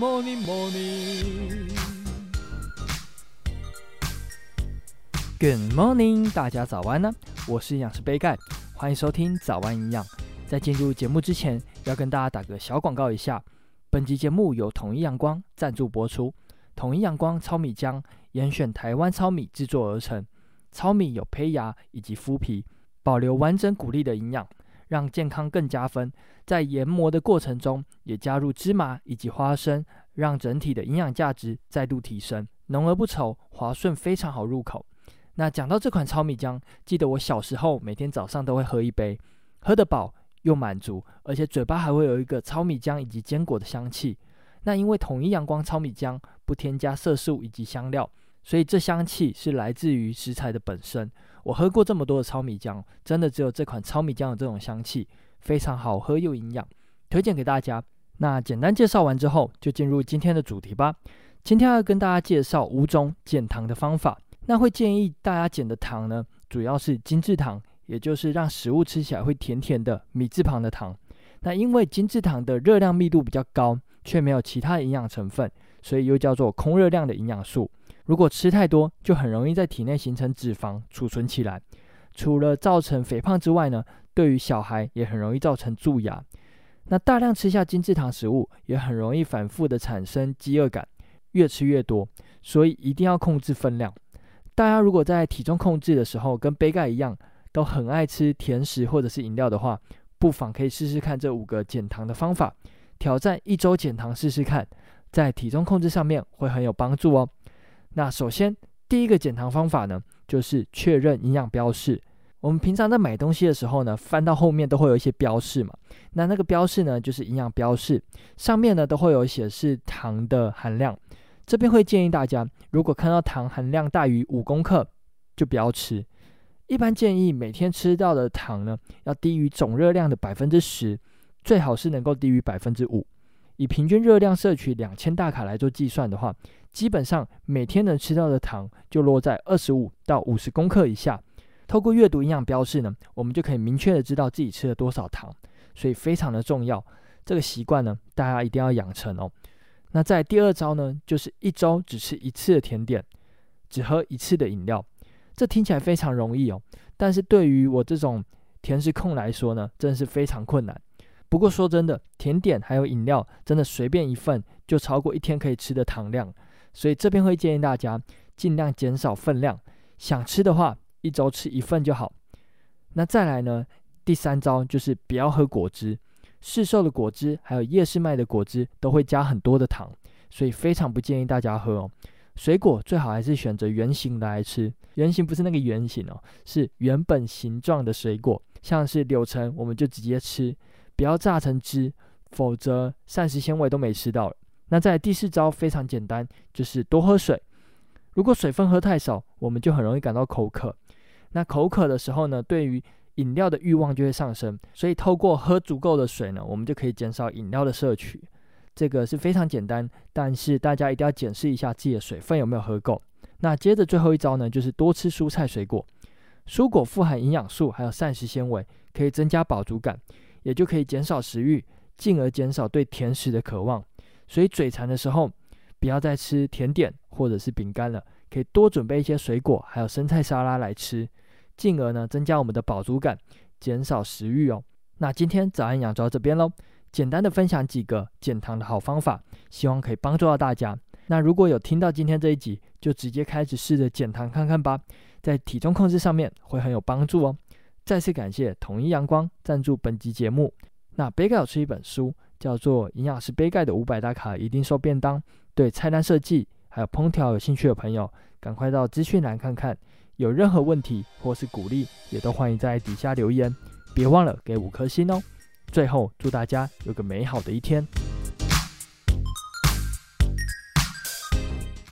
Morning, morning. Good morning, 大家早安呢！我是營養師杯蓋，歡迎收聽早安營養。在進入節目之前，要跟大家打個小廣告一下。本集節目由統一陽光贊助播出。統一陽光糙米漿嚴選台灣糙米製作而成，糙米有胚芽以及麩皮，保留完整穀粒的營養。讓健康更加分，在研磨的過程中也加入芝麻以及花生，讓整體的營養價值再度提升，濃而不稠，滑順，非常好入口。那講到這款糙米漿，記得我小時候每天早上都會喝一杯，喝得飽又滿足，而且嘴巴還會有一個糙米漿以及堅果的香氣。那因為統一陽光糙米漿不添加色素以及香料。所以這香氣是來自於食材的本身。我喝過這麼多的糙米漿，真的只有這款糙米漿有這種香氣，非常好喝又營養，推薦給大家。那簡單介紹完之後，就進入今天的主題吧。今天要跟大家介紹五種減糖的方法。那會建議大家減的糖呢，主要是精制糖，也就是讓食物吃起來會甜甜的米字旁的糖。那因為精制糖的熱量密度比較高，卻沒有其他營養成分，所以又叫做空熱量的營養素。如果吃太多，就很容易在體內形成脂肪儲存起來。除了造成肥胖之外呢，對於小孩也很容易造成蛀牙。那大量吃下精製糖食物，也很容易反覆地產生飢餓感，越吃越多。所以一定要控制分量。大家如果在體重控制的時候，跟杯蓋一樣，都很愛吃甜食或者是飲料的話，不妨可以試試看這五個減糖的方法，挑戰一周減糖試試看，在體重控制上面會很有幫助哦。那首先，第一個減糖方法呢，就是確認營養標示。我們平常在買東西的時候呢，翻到後面都會有一些標示嘛。那那個標示呢，就是營養標示，上面呢，都會有顯示糖的含量。這邊會建議大家，如果看到糖含量大於五公克，就不要吃。一般建議每天吃到的糖呢，要低於總熱量的百分之十，最好是能夠低於百分之五。以平均熱量攝取兩千大卡來做計算的話，基本上每天能吃到的糖就落在二十五到五十公克以下。透過閱讀營養標示呢，我們就可以明確的知道自己吃了多少糖，所以非常的重要。這個習慣呢，大家一定要養成哦。那在第二招呢，就是一周只吃一次的甜點，只喝一次的飲料。這聽起來非常容易哦，但是對於我這種甜食控來說呢，真是非常困難。不過說真的，甜點還有飲料，真的隨便一份就超過一天可以吃的糖量，所以這邊會建議大家儘量減少份量。想吃的話，一周吃一份就好。那再來呢？第三招就是不要喝果汁。市售的果汁還有夜市賣的果汁都會加很多的糖，所以非常不建議大家喝哦。水果最好還是選擇原型的來吃。原型不是那個圓形哦，是原本形狀的水果，像是柳橙，我們就直接吃。不要榨成汁，否則膳食纖維都沒吃到。那在第四招非常簡單，就是多喝水。如果水分喝太少，我們就很容易感到口渴。那口渴的時候呢，對於飲料的慾望就會上升。所以透過喝足夠的水呢，我們就可以減少飲料的攝取。這個是非常簡單，但是大家一定要檢視一下自己的水分有沒有喝夠。那接着最後一招呢，就是多吃蔬菜水果。蔬果富含營養素，還有膳食纖維，可以增加飽足感。也就可以減少食欲，進而減少對甜食的渴望。所以嘴饞的時候，不要再吃甜點或者是餅乾了，可以多準備一些水果，還有生菜沙拉來吃，進而呢增加我們的飽足感，減少食欲哦。那今天早安營養就到這邊嘍，簡單的分享幾個減糖的好方法，希望可以幫助到大家。那如果有聽到今天這一集，就直接開始試着減糖看看吧，在體重控制上面會很有幫助哦。再次感謝統一陽光贊助本集節目。那杯蓋有一本書，叫做《營養師杯蓋的五百大卡一定瘦便當》，對菜單設計還有烹調有興趣的朋友，趕快到資訊欄看看。有任何問題或是鼓勵，也都歡迎在底下留言。別忘了給五顆星哦。最後，祝大家有個美好的一天。